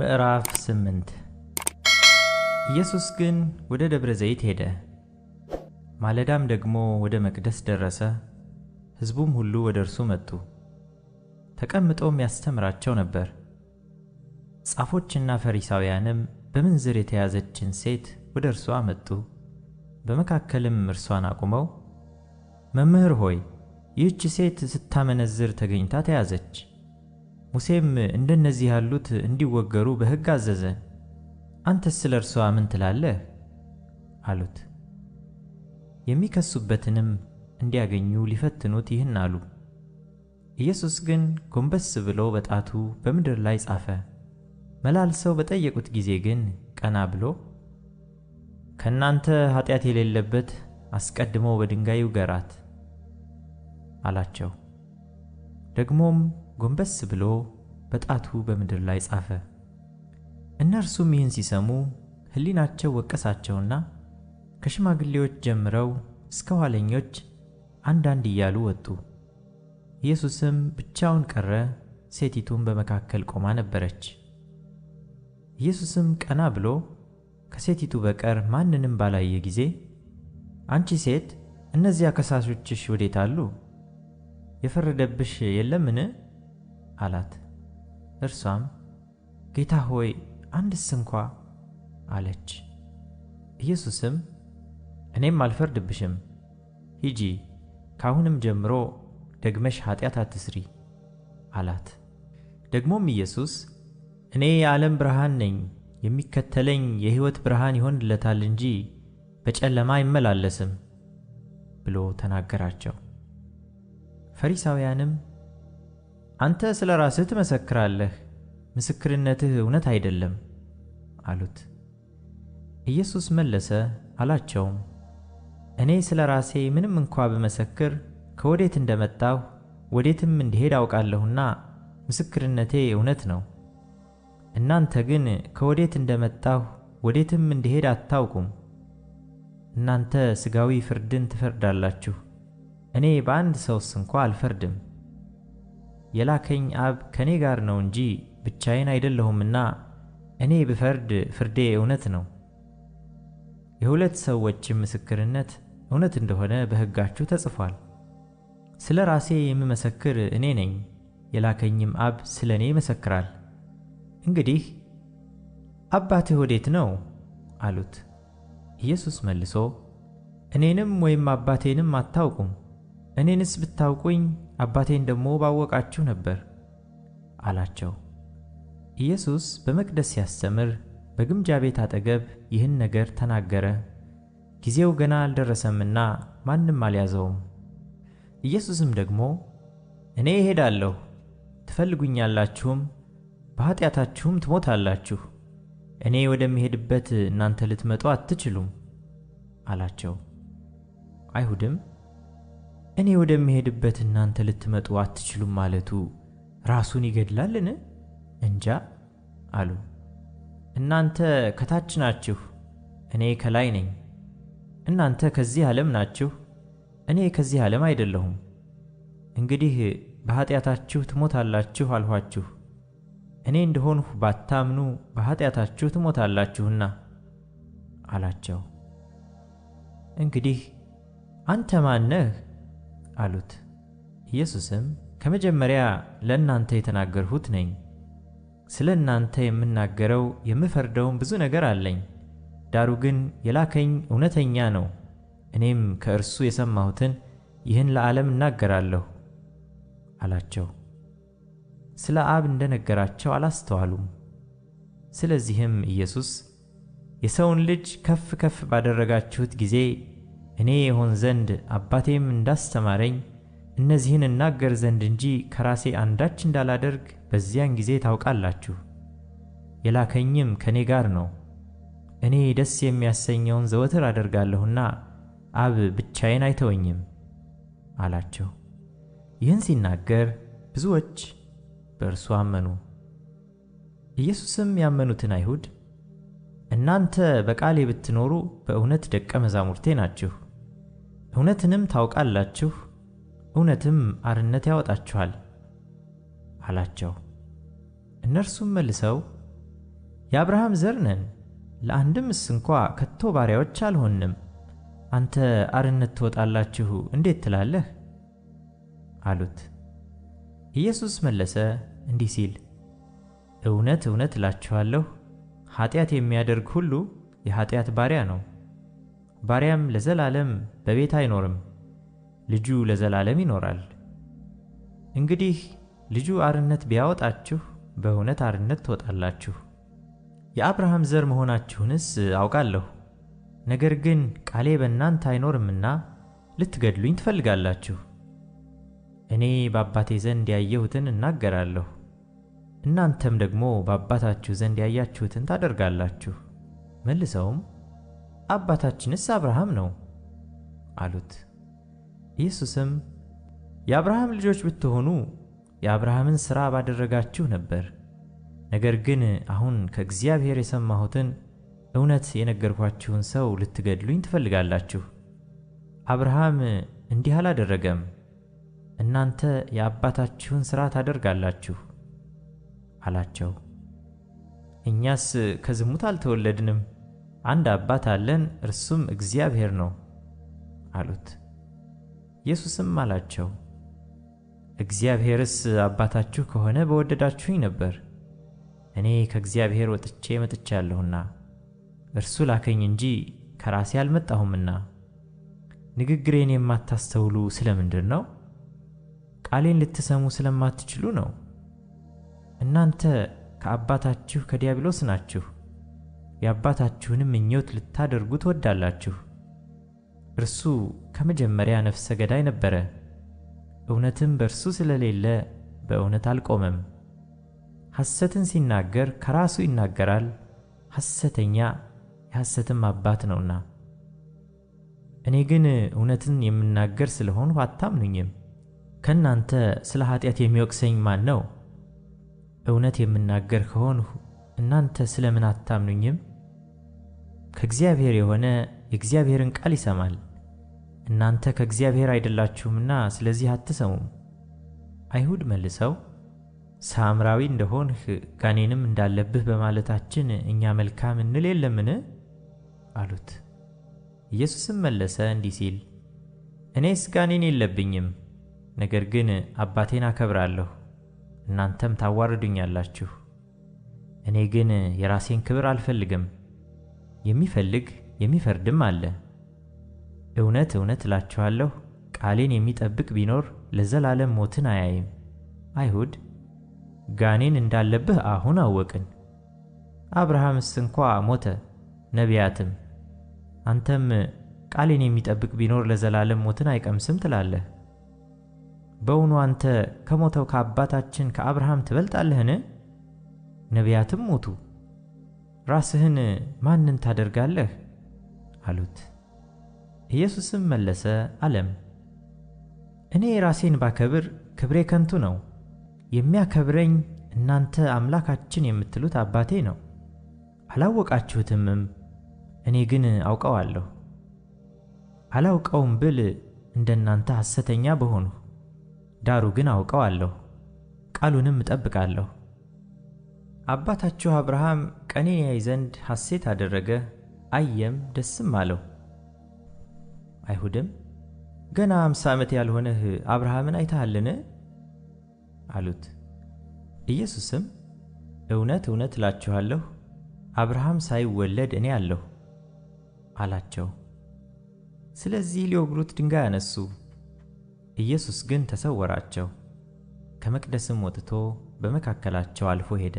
ምዕራፍ 8 ኢየሱስ ግን ወደ ደብረ ዘይት ሄደ። ማለዳም ደግሞ ወደ መቅደስ ደረሰ። ሕዝቡም ሁሉ ወደ እርሱ መጡ። ተቀምጦም ያስተምራቸው ነበር። ጻፎችና ፈሪሳውያንም በምንዝር የተያዘችን ሴት ወደ እርሷ መጡ። በመካከልም እርሷን አቁመው መምህር ሆይ ይህች ሴት ስታመነዝር ተገኝታ ተያዘች ሙሴም እንደነዚህ ያሉት እንዲወገሩ በሕግ አዘዘ። አንተስ ስለ እርሷ ምን ትላለህ? አሉት። የሚከሱበትንም እንዲያገኙ ሊፈትኑት ይህን አሉ። ኢየሱስ ግን ጎንበስ ብሎ በጣቱ በምድር ላይ ጻፈ። መላልሰው በጠየቁት ጊዜ ግን ቀና ብሎ ከእናንተ ኃጢአት የሌለበት አስቀድሞ በድንጋይ ውገራት አላቸው። ደግሞም ጎንበስ ብሎ በጣቱ በምድር ላይ ጻፈ። እነርሱም ይህን ሲሰሙ ሕሊናቸው ወቀሳቸውና ከሽማግሌዎች ጀምረው እስከ ኋለኞች አንዳንድ እያሉ ወጡ። ኢየሱስም ብቻውን ቀረ፣ ሴቲቱም በመካከል ቆማ ነበረች። ኢየሱስም ቀና ብሎ ከሴቲቱ በቀር ማንንም ባላየ ጊዜ አንቺ ሴት፣ እነዚያ ከሳሾችሽ ወዴት አሉ? የፈረደብሽ የለምን? አላት። እርሷም ጌታ ሆይ አንድስ እንኳ አለች። ኢየሱስም እኔም አልፈርድብሽም፣ ሂጂ ካሁንም ጀምሮ ደግመሽ ኃጢአት አትስሪ አላት። ደግሞም ኢየሱስ እኔ የዓለም ብርሃን ነኝ፣ የሚከተለኝ የሕይወት ብርሃን ይሆንለታል እንጂ በጨለማ አይመላለስም ብሎ ተናገራቸው። ፈሪሳውያንም አንተ ስለ ራስህ ትመሰክራለህ፣ ምስክርነትህ እውነት አይደለም አሉት። ኢየሱስ መለሰ አላቸውም፣ እኔ ስለ ራሴ ምንም እንኳ ብመሰክር ከወዴት እንደመጣሁ ወዴትም እንዲሄድ አውቃለሁና ምስክርነቴ እውነት ነው። እናንተ ግን ከወዴት እንደመጣሁ ወዴትም እንዲሄድ አታውቁም። እናንተ ሥጋዊ ፍርድን ትፈርዳላችሁ፣ እኔ በአንድ ሰውስ እንኳ አልፈርድም። የላከኝ አብ ከኔ ጋር ነው እንጂ ብቻዬን አይደለሁምና እኔ ብፈርድ ፍርዴ እውነት ነው። የሁለት ሰዎችም ምስክርነት እውነት እንደሆነ በሕጋችሁ ተጽፏል። ስለ ራሴ የምመሰክር እኔ ነኝ፣ የላከኝም አብ ስለ እኔ ይመሰክራል። እንግዲህ አባትህ ወዴት ነው አሉት። ኢየሱስ መልሶ እኔንም ወይም አባቴንም አታውቁም እኔንስ ብታውቁኝ አባቴን ደግሞ ባወቃችሁ ነበር አላቸው። ኢየሱስ በመቅደስ ሲያስተምር በግምጃ ቤት አጠገብ ይህን ነገር ተናገረ። ጊዜው ገና አልደረሰምና ማንም አልያዘውም። ኢየሱስም ደግሞ እኔ እሄዳለሁ፣ ትፈልጉኛላችሁም በኃጢአታችሁም ትሞታላችሁ፣ እኔ ወደምሄድበት እናንተ ልትመጡ አትችሉም አላቸው። አይሁድም እኔ ወደምሄድበት እናንተ ልትመጡ አትችሉም ማለቱ ራሱን ይገድላልን? እንጃ አሉ። እናንተ ከታች ናችሁ፣ እኔ ከላይ ነኝ። እናንተ ከዚህ ዓለም ናችሁ፣ እኔ ከዚህ ዓለም አይደለሁም። እንግዲህ በኃጢአታችሁ ትሞታላችሁ አልኋችሁ። እኔ እንደሆንሁ ባታምኑ በኃጢአታችሁ ትሞታላችሁና አላቸው። እንግዲህ አንተ ማን አሉት። ኢየሱስም ከመጀመሪያ ለእናንተ የተናገርሁት ነኝ። ስለ እናንተ የምናገረው የምፈርደውም ብዙ ነገር አለኝ። ዳሩ ግን የላከኝ እውነተኛ ነው፣ እኔም ከእርሱ የሰማሁትን ይህን ለዓለም እናገራለሁ አላቸው። ስለ አብ እንደነገራቸው አላስተዋሉም። ስለዚህም ኢየሱስ የሰውን ልጅ ከፍ ከፍ ባደረጋችሁት ጊዜ እኔ የሆን ዘንድ አባቴም እንዳስተማረኝ እነዚህን እናገር ዘንድ እንጂ ከራሴ አንዳች እንዳላደርግ በዚያን ጊዜ ታውቃላችሁ። የላከኝም ከእኔ ጋር ነው። እኔ ደስ የሚያሰኘውን ዘወትር አደርጋለሁና አብ ብቻዬን አይተወኝም አላቸው። ይህን ሲናገር ብዙዎች በእርሱ አመኑ። ኢየሱስም ያመኑትን አይሁድ እናንተ በቃሌ ብትኖሩ በእውነት ደቀ መዛሙርቴ ናችሁ እውነትንም ታውቃላችሁ፣ እውነትም አርነት ያወጣችኋል አላቸው። እነርሱም መልሰው የአብርሃም ዘር ነን፣ ለአንድምስ እንኳ ከቶ ባሪያዎች አልሆንም፣ አንተ አርነት ትወጣላችሁ እንዴት ትላለህ? አሉት። ኢየሱስ መለሰ እንዲህ ሲል እውነት እውነት እላችኋለሁ ኃጢአት የሚያደርግ ሁሉ የኃጢአት ባሪያ ነው። ባሪያም ለዘላለም በቤት አይኖርም፣ ልጁ ለዘላለም ይኖራል። እንግዲህ ልጁ አርነት ቢያወጣችሁ በእውነት አርነት ትወጣላችሁ፣ የአብርሃም ዘር መሆናችሁንስ አውቃለሁ። ነገር ግን ቃሌ በእናንተ አይኖርምና ልትገድሉኝ ትፈልጋላችሁ። እኔ በአባቴ ዘንድ ያየሁትን እናገራለሁ፣ እናንተም ደግሞ በአባታችሁ ዘንድ ያያችሁትን ታደርጋላችሁ። መልሰውም አባታችንስ አብርሃም ነው አሉት። ኢየሱስም የአብርሃም ልጆች ብትሆኑ የአብርሃምን ሥራ ባደረጋችሁ ነበር። ነገር ግን አሁን ከእግዚአብሔር የሰማሁትን እውነት የነገርኳችሁን ሰው ልትገድሉኝ ትፈልጋላችሁ። አብርሃም እንዲህ አላደረገም፤ እናንተ የአባታችሁን ሥራ ታደርጋላችሁ አላቸው። እኛስ ከዝሙት አልተወለድንም አንድ አባት አለን እርሱም እግዚአብሔር ነው አሉት። ኢየሱስም አላቸው እግዚአብሔርስ አባታችሁ ከሆነ በወደዳችሁኝ ነበር፣ እኔ ከእግዚአብሔር ወጥቼ መጥቻለሁና እርሱ ላከኝ እንጂ ከራሴ አልመጣሁምና። ንግግሬን የማታስተውሉ ስለምንድን ነው? ቃሌን ልትሰሙ ስለማትችሉ ነው። እናንተ ከአባታችሁ ከዲያብሎስ ናችሁ የአባታችሁንም ምኞት ልታደርጉ ትወዳላችሁ። እርሱ ከመጀመሪያ ነፍሰ ገዳይ ነበረ፣ እውነትም በእርሱ ስለሌለ በእውነት አልቆመም። ሐሰትን ሲናገር ከራሱ ይናገራል፣ ሐሰተኛ የሐሰትም አባት ነውና። እኔ ግን እውነትን የምናገር ሆንሁ አታምኑኝም። ከእናንተ ስለ ኃጢአት የሚወቅሰኝ ማን ነው? እውነት የምናገር ከሆንሁ እናንተ ስለ ምን አታምኑኝም? ከእግዚአብሔር የሆነ የእግዚአብሔርን ቃል ይሰማል። እናንተ ከእግዚአብሔር አይደላችሁምና ስለዚህ አትሰሙም። አይሁድ መልሰው ሳምራዊ እንደሆንህ ጋኔንም እንዳለብህ በማለታችን እኛ መልካም እንል የለምን? አሉት። ኢየሱስም መለሰ እንዲህ ሲል እኔስ ጋኔን የለብኝም፣ ነገር ግን አባቴን አከብራለሁ፣ እናንተም ታዋርዱኛላችሁ። እኔ ግን የራሴን ክብር አልፈልግም የሚፈልግ የሚፈርድም አለ። እውነት እውነት እላችኋለሁ ቃሌን የሚጠብቅ ቢኖር ለዘላለም ሞትን አያይም። አይሁድ ጋኔን እንዳለብህ አሁን አወቅን፣ አብርሃምስ እንኳ ሞተ፣ ነቢያትም። አንተም ቃሌን የሚጠብቅ ቢኖር ለዘላለም ሞትን አይቀምስም ትላለህ። በውኑ አንተ ከሞተው ከአባታችን ከአብርሃም ትበልጣለህን? ነቢያትም ሞቱ። ራስህን ማንን ታደርጋለህ? አሉት። ኢየሱስም መለሰ አለም፣ እኔ ራሴን ባከብር ክብሬ ከንቱ ነው። የሚያከብረኝ እናንተ አምላካችን የምትሉት አባቴ ነው፣ አላወቃችሁትምም፤ እኔ ግን አውቀዋለሁ። አላውቀውም ብል እንደናንተ ሐሰተኛ በሆኑ ዳሩ ግን አውቀዋለሁ፣ ቃሉንም እጠብቃለሁ። አባታችሁ አብርሃም ቀኔን ያይ ዘንድ ሐሴት አደረገ፣ አየም ደስም አለው። አይሁድም ገና አምሳ ዓመት ያልሆነህ አብርሃምን አይተሃልን? አሉት። ኢየሱስም እውነት እውነት እላችኋለሁ አብርሃም ሳይወለድ እኔ አለሁ አላቸው። ስለዚህ ሊወግሩት ድንጋይ አነሱ። ኢየሱስ ግን ተሰወራቸው፣ ከመቅደስም ወጥቶ በመካከላቸው አልፎ ሄደ።